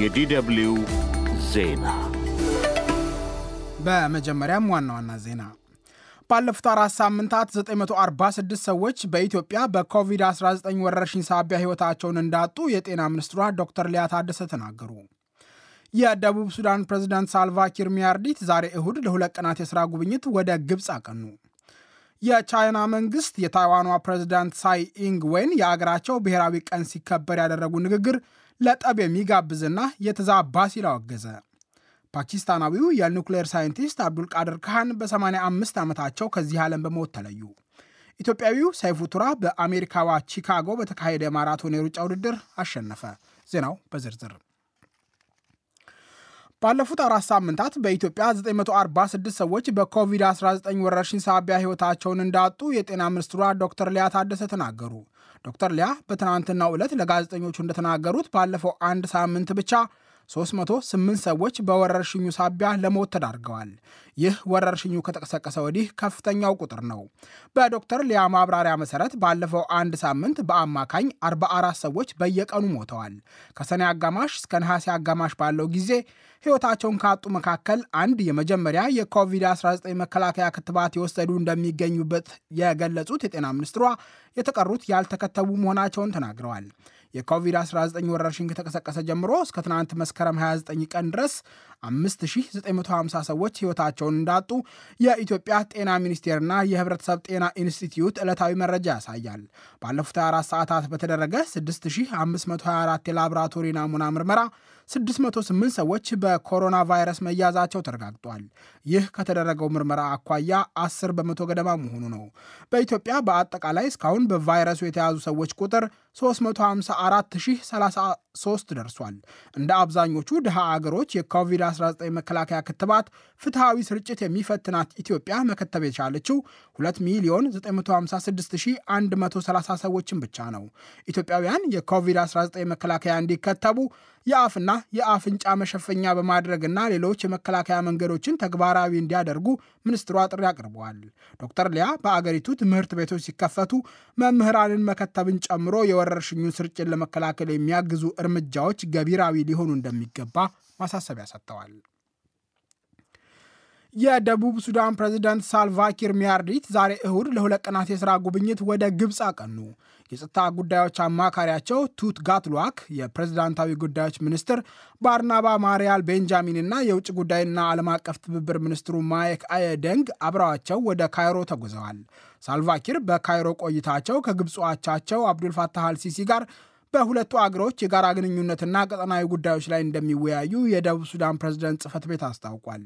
የዲደብልዩ ዜና በመጀመሪያም ዋና ዋና ዜና ባለፉት አራት ሳምንታት 946 ሰዎች በኢትዮጵያ በኮቪድ-19 ወረርሽኝ ሳቢያ ሕይወታቸውን እንዳጡ የጤና ሚኒስትሯ ዶክተር ሊያ ታደሰ ተናገሩ። የደቡብ ሱዳን ፕሬዝዳንት ሳልቫ ሚያርዲት ዛሬ እሁድ ለሁለት ቀናት የሥራ ጉብኝት ወደ ግብፅ አቀኑ። የቻይና መንግሥት የታይዋኗ ፕሬዝዳንት ሳይ ኢንግ ወይን የአገራቸው ብሔራዊ ቀን ሲከበር ያደረጉ ንግግር ለጠብ የሚጋብዝና የተዛባ ሲል አወገዘ። ፓኪስታናዊው የኑክሌር ሳይንቲስት አብዱልቃድር ካህን በ85 ዓመታቸው ከዚህ ዓለም በሞት ተለዩ። ኢትዮጵያዊው ሰይፉ ቱራ በአሜሪካዋ ቺካጎ በተካሄደ ማራቶን የሩጫ ውድድር አሸነፈ። ዜናው በዝርዝር ባለፉት አራት ሳምንታት በኢትዮጵያ 946 ሰዎች በኮቪድ-19 ወረርሽኝ ሳቢያ ሕይወታቸውን እንዳጡ የጤና ሚኒስትሯ ዶክተር ሊያ ታደሰ ተናገሩ። ዶክተር ሊያ በትናንትናው ዕለት ለጋዜጠኞቹ እንደተናገሩት ባለፈው አንድ ሳምንት ብቻ 308 ሰዎች በወረርሽኙ ሳቢያ ለሞት ተዳርገዋል። ይህ ወረርሽኙ ከተቀሰቀሰ ወዲህ ከፍተኛው ቁጥር ነው። በዶክተር ሊያ ማብራሪያ መሰረት ባለፈው አንድ ሳምንት በአማካኝ 44 ሰዎች በየቀኑ ሞተዋል። ከሰኔ አጋማሽ እስከ ነሐሴ አጋማሽ ባለው ጊዜ ሕይወታቸውን ካጡ መካከል አንድ የመጀመሪያ የኮቪድ-19 መከላከያ ክትባት የወሰዱ እንደሚገኙበት የገለጹት የጤና ሚኒስትሯ የተቀሩት ያልተከተቡ መሆናቸውን ተናግረዋል። የኮቪድ-19 ወረርሽኝ ከተቀሰቀሰ ጀምሮ እስከ ትናንት መስከረም 29 ቀን ድረስ 5950 ሰዎች ህይወታቸውን እንዳጡ የኢትዮጵያ ጤና ሚኒስቴርና የህብረተሰብ ጤና ኢንስቲትዩት ዕለታዊ መረጃ ያሳያል። ባለፉት 24 ሰዓታት በተደረገ 6524 የላብራቶሪ ናሙና ምርመራ 608 ሰዎች በኮሮና ቫይረስ መያዛቸው ተረጋግጧል። ይህ ከተደረገው ምርመራ አኳያ 10 በመቶ ገደማ መሆኑ ነው። በኢትዮጵያ በአጠቃላይ እስካሁን በቫይረሱ የተያዙ ሰዎች ቁጥር 354 ሺህ ሶስት ደርሷል። እንደ አብዛኞቹ ድሃ አገሮች የኮቪድ-19 መከላከያ ክትባት ፍትሐዊ ስርጭት የሚፈትናት ኢትዮጵያ መከተብ የቻለችው 2 ሚሊዮን 956130 ሰዎችን ብቻ ነው። ኢትዮጵያውያን የኮቪድ-19 መከላከያ እንዲከተቡ የአፍና የአፍንጫ መሸፈኛ በማድረግና ሌሎች የመከላከያ መንገዶችን ተግባራዊ እንዲያደርጉ ሚኒስትሯ ጥሪ አቅርበዋል። ዶክተር ሊያ በአገሪቱ ትምህርት ቤቶች ሲከፈቱ መምህራንን መከተብን ጨምሮ የወረርሽኙን ስርጭት ለመከላከል የሚያግዙ እርምጃዎች ገቢራዊ ሊሆኑ እንደሚገባ ማሳሰቢያ ሰጥተዋል። የደቡብ ሱዳን ፕሬዚዳንት ሳልቫኪር ሚያርዲት ዛሬ እሁድ ለሁለት ቀናት የሥራ ጉብኝት ወደ ግብፅ አቀኑ። የጸጥታ ጉዳዮች አማካሪያቸው ቱት ጋትሏክ፣ የፕሬዝዳንታዊ ጉዳዮች ሚኒስትር ባርናባ ማሪያል ቤንጃሚን እና የውጭ ጉዳይና ዓለም አቀፍ ትብብር ሚኒስትሩ ማይክ አየደንግ አብረዋቸው ወደ ካይሮ ተጉዘዋል። ሳልቫኪር በካይሮ ቆይታቸው ከግብፅ አቻቸው አብዱልፋታህ አልሲሲ ጋር በሁለቱ አገሮች የጋራ ግንኙነትና ቀጠናዊ ጉዳዮች ላይ እንደሚወያዩ የደቡብ ሱዳን ፕሬዝደንት ጽህፈት ቤት አስታውቋል።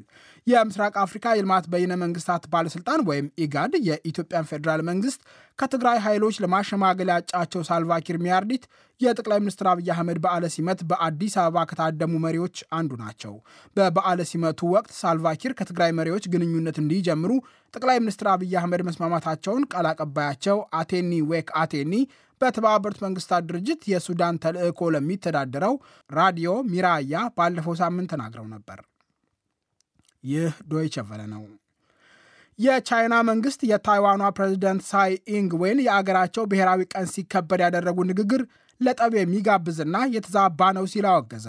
የምስራቅ አፍሪካ የልማት በይነ መንግስታት ባለስልጣን ወይም ኢጋድ የኢትዮጵያን ፌዴራል መንግስት ከትግራይ ኃይሎች ለማሸማገል ያጫቸው ሳልቫኪር ሚያርዲት የጠቅላይ ሚኒስትር አብይ አህመድ በዓለ ሲመት በአዲስ አበባ ከታደሙ መሪዎች አንዱ ናቸው። በበዓለ ሲመቱ ወቅት ሳልቫኪር ከትግራይ መሪዎች ግንኙነት እንዲጀምሩ ጠቅላይ ሚኒስትር አብይ አህመድ መስማማታቸውን ቃል አቀባያቸው አቴኒ ዌክ አቴኒ በተባበሩት መንግስታት ድርጅት የሱዳን ተልዕኮ ለሚተዳደረው ራዲዮ ሚራያ ባለፈው ሳምንት ተናግረው ነበር። ይህ ዶይቸ ቨለ ነው። የቻይና መንግስት የታይዋኗ ፕሬዚደንት ሳይ ኢንግዌን የአገራቸው ብሔራዊ ቀን ሲከበር ያደረጉ ንግግር ለጠብ የሚጋብዝና የተዛባ ነው ሲል አወገዘ።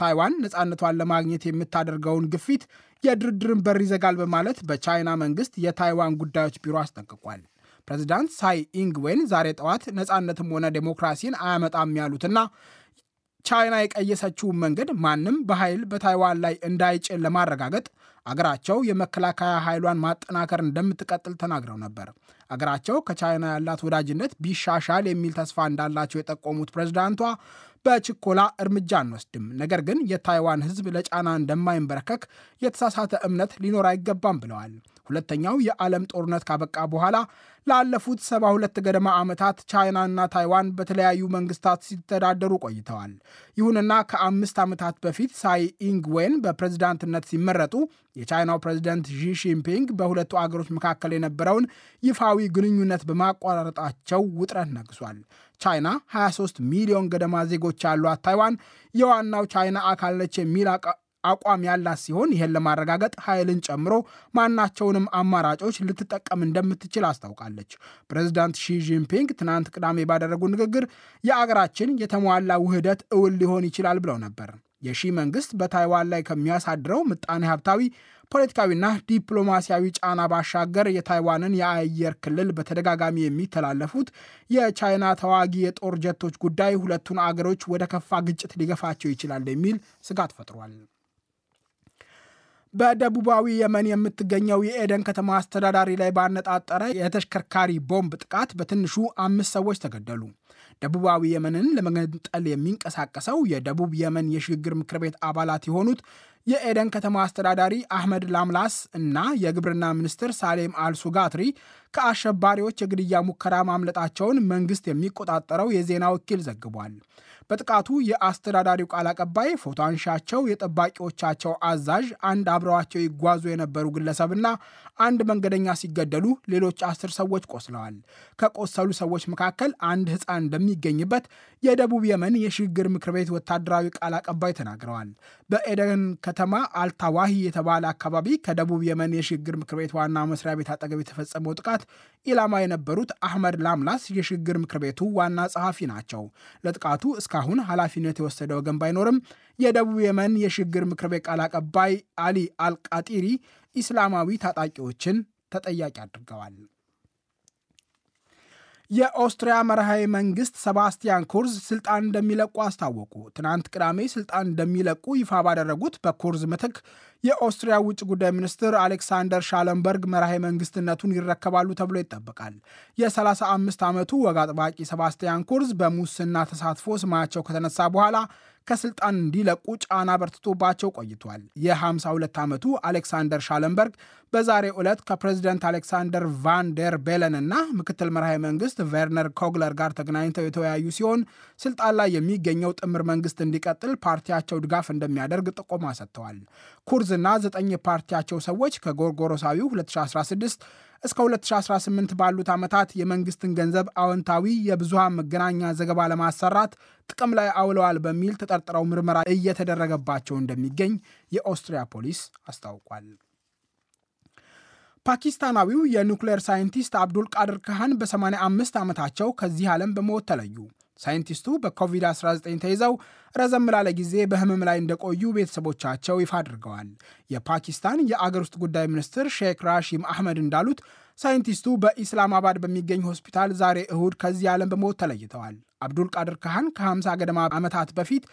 ታይዋን ነፃነቷን ለማግኘት የምታደርገውን ግፊት የድርድርን በር ይዘጋል በማለት በቻይና መንግስት የታይዋን ጉዳዮች ቢሮ አስጠንቅቋል። ፕሬዚዳንት ሳይ ኢንግዌን ዛሬ ጠዋት ነፃነትም ሆነ ዴሞክራሲን አያመጣም ያሉትና ቻይና የቀየሰችውን መንገድ ማንም በኃይል በታይዋን ላይ እንዳይጭን ለማረጋገጥ አገራቸው የመከላከያ ኃይሏን ማጠናከር እንደምትቀጥል ተናግረው ነበር። አገራቸው ከቻይና ያላት ወዳጅነት ቢሻሻል የሚል ተስፋ እንዳላቸው የጠቆሙት ፕሬዝዳንቷ በችኮላ እርምጃ አንወስድም፣ ነገር ግን የታይዋን ሕዝብ ለጫና እንደማይንበረከክ የተሳሳተ እምነት ሊኖር አይገባም ብለዋል። ሁለተኛው የዓለም ጦርነት ካበቃ በኋላ ላለፉት ሰባ ገደማ ዓመታት ቻይናና ታይዋን በተለያዩ መንግስታት ሲተዳደሩ ቆይተዋል። ይሁንና ከአምስት ዓመታት በፊት ሳይ ኢንግ በፕሬዝዳንትነት ሲመረጡ የቻይናው ፕሬዝደንት ዢ በሁለቱ አገሮች መካከል የነበረውን ይፋዊ ግንኙነት በማቋረጣቸው ውጥረት ነግሷል። ቻይና 23 ሚሊዮን ገደማ ዜጎች ያሏት ታይዋን የዋናው ቻይና አካል ነች የሚል አቋም ያላት ሲሆን ይህን ለማረጋገጥ ኃይልን ጨምሮ ማናቸውንም አማራጮች ልትጠቀም እንደምትችል አስታውቃለች። ፕሬዚዳንት ሺጂንፒንግ ትናንት ቅዳሜ ባደረጉ ንግግር የአገራችን የተሟላ ውህደት እውን ሊሆን ይችላል ብለው ነበር። የሺ መንግስት በታይዋን ላይ ከሚያሳድረው ምጣኔ ሀብታዊ ፖለቲካዊና ዲፕሎማሲያዊ ጫና ባሻገር የታይዋንን የአየር ክልል በተደጋጋሚ የሚተላለፉት የቻይና ተዋጊ የጦር ጀቶች ጉዳይ ሁለቱን አገሮች ወደ ከፋ ግጭት ሊገፋቸው ይችላል የሚል ስጋት ፈጥሯል። በደቡባዊ የመን የምትገኘው የኤደን ከተማ አስተዳዳሪ ላይ ባነጣጠረ የተሽከርካሪ ቦምብ ጥቃት በትንሹ አምስት ሰዎች ተገደሉ። ደቡባዊ የመንን ለመገንጠል የሚንቀሳቀሰው የደቡብ የመን የሽግግር ምክር ቤት አባላት የሆኑት የኤደን ከተማ አስተዳዳሪ አህመድ ላምላስ እና የግብርና ሚኒስትር ሳሌም አልሱጋትሪ ከአሸባሪዎች የግድያ ሙከራ ማምለጣቸውን መንግስት የሚቆጣጠረው የዜና ወኪል ዘግቧል። በጥቃቱ የአስተዳዳሪው ቃል አቀባይ ፎቶ አንሻቸው፣ የጠባቂዎቻቸው አዛዥ፣ አንድ አብረዋቸው ይጓዙ የነበሩ ግለሰብና አንድ መንገደኛ ሲገደሉ ሌሎች አስር ሰዎች ቆስለዋል። ከቆሰሉ ሰዎች መካከል አንድ ሕፃን እንደሚገኝበት የደቡብ የመን የሽግግር ምክር ቤት ወታደራዊ ቃል አቀባይ ተናግረዋል። በኤደን ከተማ አልታዋሂ የተባለ አካባቢ ከደቡብ የመን የሽግግር ምክር ቤት ዋና መስሪያ ቤት አጠገብ የተፈጸመው ጥቃት ኢላማ የነበሩት አህመድ ላምላስ የሽግግር ምክር ቤቱ ዋና ጸሐፊ ናቸው። ለጥቃቱ እስካሁን ኃላፊነት የወሰደ ወገን ባይኖርም የደቡብ የመን የሽግግር ምክር ቤት ቃል አቀባይ አሊ አልቃጢሪ ኢስላማዊ ታጣቂዎችን ተጠያቂ አድርገዋል። የኦስትሪያ መርሃዊ መንግስት ሰባስቲያን ኩርዝ ስልጣን እንደሚለቁ አስታወቁ። ትናንት ቅዳሜ ስልጣን እንደሚለቁ ይፋ ባደረጉት በኩርዝ ምትክ የኦስትሪያ ውጭ ጉዳይ ሚኒስትር አሌክሳንደር ሻለንበርግ መርሃዊ መንግስትነቱን ይረከባሉ ተብሎ ይጠበቃል። የ35 ዓመቱ ወግ አጥባቂ ሰባስቲያን ኩርዝ በሙስና ተሳትፎ ስማቸው ከተነሳ በኋላ ከስልጣን እንዲለቁ ጫና በርትቶባቸው ቆይቷል። የ52 ዓመቱ አሌክሳንደር ሻለንበርግ በዛሬ ዕለት ከፕሬዚደንት አሌክሳንደር ቫን ደር ቤለን እና ምክትል መርሃዊ መንግስት ቨርነር ኮግለር ጋር ተገናኝተው የተወያዩ ሲሆን ስልጣን ላይ የሚገኘው ጥምር መንግስት እንዲቀጥል ፓርቲያቸው ድጋፍ እንደሚያደርግ ጥቆማ ሰጥተዋል። ኩርዝና ዘጠኝ የፓርቲያቸው ሰዎች ከጎርጎሮሳዊው 2016 እስከ 2018 ባሉት ዓመታት የመንግስትን ገንዘብ አዎንታዊ የብዙሃን መገናኛ ዘገባ ለማሰራት ጥቅም ላይ አውለዋል በሚል ተጠርጥረው ምርመራ እየተደረገባቸው እንደሚገኝ የኦስትሪያ ፖሊስ አስታውቋል። ፓኪስታናዊው የኒውክሌር ሳይንቲስት አብዱል ቃድር ካህን በ85 ዓመታቸው ከዚህ ዓለም በሞት ተለዩ። ሳይንቲስቱ በኮቪድ-19 ተይዘው ረዘም ላለ ጊዜ በህመም ላይ እንደቆዩ ቤተሰቦቻቸው ይፋ አድርገዋል። የፓኪስታን የአገር ውስጥ ጉዳይ ሚኒስትር ሼክ ራሺም አህመድ እንዳሉት ሳይንቲስቱ በኢስላማባድ በሚገኝ ሆስፒታል ዛሬ እሁድ ከዚህ ዓለም በሞት ተለይተዋል። አብዱል ቃድር ካህን ከ50 ገደማ ዓመታት በፊት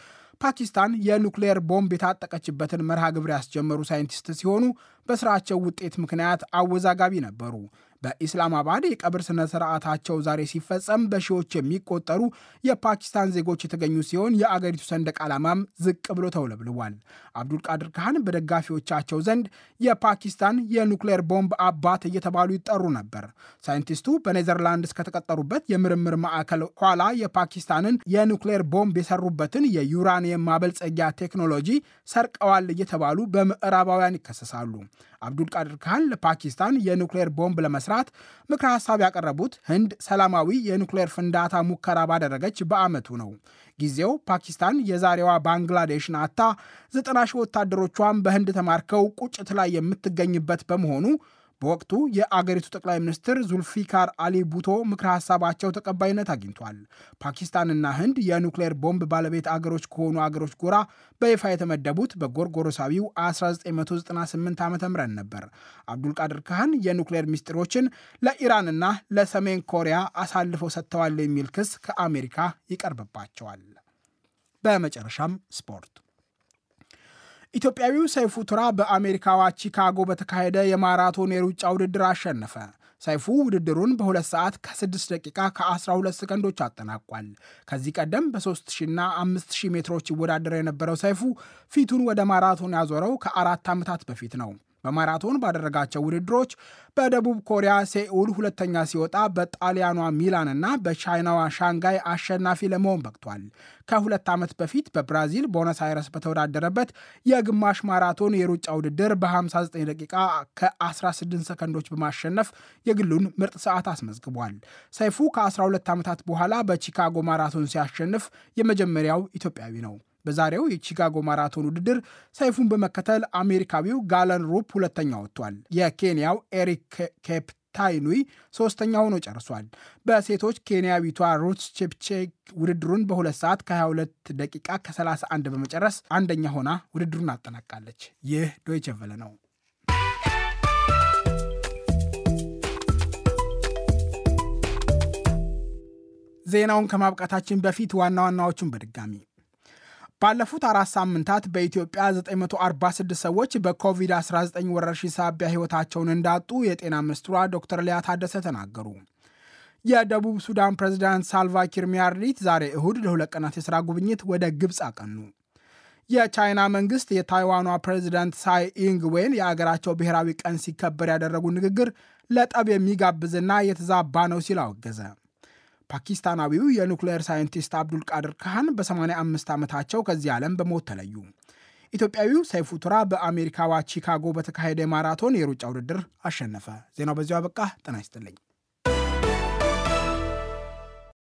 ፓኪስታን የኑክሌር ቦምብ የታጠቀችበትን መርሃ ግብር ያስጀመሩ ሳይንቲስት ሲሆኑ በስራቸው ውጤት ምክንያት አወዛጋቢ ነበሩ። በኢስላማባድ የቀብር ስነ ስርዓታቸው ዛሬ ሲፈጸም በሺዎች የሚቆጠሩ የፓኪስታን ዜጎች የተገኙ ሲሆን የአገሪቱ ሰንደቅ ዓላማም ዝቅ ብሎ ተውለብልቧል። አብዱልቃድር ካህን በደጋፊዎቻቸው ዘንድ የፓኪስታን የኑክሌር ቦምብ አባት እየተባሉ ይጠሩ ነበር። ሳይንቲስቱ በኔዘርላንድስ ከተቀጠሩበት የምርምር ማዕከል ኋላ የፓኪስታንን የኑክሌር ቦምብ የሰሩበትን የዩራኒየም ማበልጸጊያ ቴክኖሎጂ ሰርቀዋል እየተባሉ በምዕራባውያን ይከሰሳሉ። አብዱል ቃድር ካን ለፓኪስታን የኒውክሌር ቦምብ ለመስራት ምክረ ሀሳብ ያቀረቡት ህንድ ሰላማዊ የኒክሌር ፍንዳታ ሙከራ ባደረገች በዓመቱ ነው። ጊዜው ፓኪስታን የዛሬዋ ባንግላዴሽን አታ ዘጠና ሺህ ወታደሮቿን በህንድ ተማርከው ቁጭት ላይ የምትገኝበት በመሆኑ በወቅቱ የአገሪቱ ጠቅላይ ሚኒስትር ዙልፊካር አሊ ቡቶ ምክረ ሀሳባቸው ተቀባይነት አግኝቷል። ፓኪስታንና ህንድ የኑክሌር ቦምብ ባለቤት አገሮች ከሆኑ አገሮች ጎራ በይፋ የተመደቡት በጎርጎሮሳዊው 1998 ዓ ም ነበር። አብዱልቃድር ካህን የኑክሌር ሚስጥሮችን ለኢራንና ለሰሜን ኮሪያ አሳልፈው ሰጥተዋል የሚል ክስ ከአሜሪካ ይቀርብባቸዋል። በመጨረሻም ስፖርት ኢትዮጵያዊው ሰይፉ ቱራ በአሜሪካዋ ቺካጎ በተካሄደ የማራቶን የሩጫ ውድድር አሸነፈ። ሰይፉ ውድድሩን በሁለት ሰዓት ከ6 ደቂቃ ከ12 ሰከንዶች አጠናቋል። ከዚህ ቀደም በ3000ና 5000 ሜትሮች ይወዳደር የነበረው ሰይፉ ፊቱን ወደ ማራቶን ያዞረው ከአራት ዓመታት በፊት ነው። በማራቶን ባደረጋቸው ውድድሮች በደቡብ ኮሪያ ሴኡል ሁለተኛ ሲወጣ በጣሊያኗ ሚላን በቻይናዋ ሻንጋይ አሸናፊ ለመሆን በቅቷል። ከሁለት ዓመት በፊት በብራዚል ቦነስ አይረስ በተወዳደረበት የግማሽ ማራቶን የሩጫ ውድድር በ59 ደቂቃ ከ16 ሰከንዶች በማሸነፍ የግሉን ምርጥ ሰዓት አስመዝግቧል። ሰይፉ ከ12 ዓመታት በኋላ በቺካጎ ማራቶን ሲያሸንፍ የመጀመሪያው ኢትዮጵያዊ ነው። በዛሬው የቺካጎ ማራቶን ውድድር ሰይፉን በመከተል አሜሪካዊው ጋለን ሩፕ ሁለተኛ ወጥቷል። የኬንያው ኤሪክ ኬፕ ታይኑይ ሶስተኛ ሆኖ ጨርሷል። በሴቶች ኬንያዊቷ ሩት ቼፕቼ ውድድሩን በሁለት ሰዓት ከ22 ደቂቃ ከ31 በመጨረስ አንደኛ ሆና ውድድሩን አጠናቃለች። ይህ ዶይቼ ቬለ ነው። ዜናውን ከማብቃታችን በፊት ዋና ዋናዎቹን በድጋሚ ባለፉት አራት ሳምንታት በኢትዮጵያ 946 ሰዎች በኮቪድ-19 ወረርሽኝ ሳቢያ ሕይወታቸውን እንዳጡ የጤና ሚኒስትሯ ዶክተር ሊያ ታደሰ ተናገሩ። የደቡብ ሱዳን ፕሬዚዳንት ሳልቫ ሚያርዲት ዛሬ እሁድ ለሁለት ቀናት የሥራ ጉብኝት ወደ ግብፅ አቀኑ። የቻይና መንግሥት የታይዋኗ ፕሬዚዳንት ሳይ ኢንግ ዌን የአገራቸው ብሔራዊ ቀን ሲከበር ያደረጉ ንግግር ለጠብ የሚጋብዝና የተዛባ ነው ሲል አወገዘ። ፓኪስታናዊው የኑክሌር ሳይንቲስት አብዱል ቃድር ካህን በ85 ዓመታቸው ከዚህ ዓለም በሞት ተለዩ። ኢትዮጵያዊው ሰይፉ ቱራ በአሜሪካዋ ቺካጎ በተካሄደ ማራቶን የሩጫ ውድድር አሸነፈ። ዜናው በዚሁ አበቃ። ጤና ይስጥልኝ።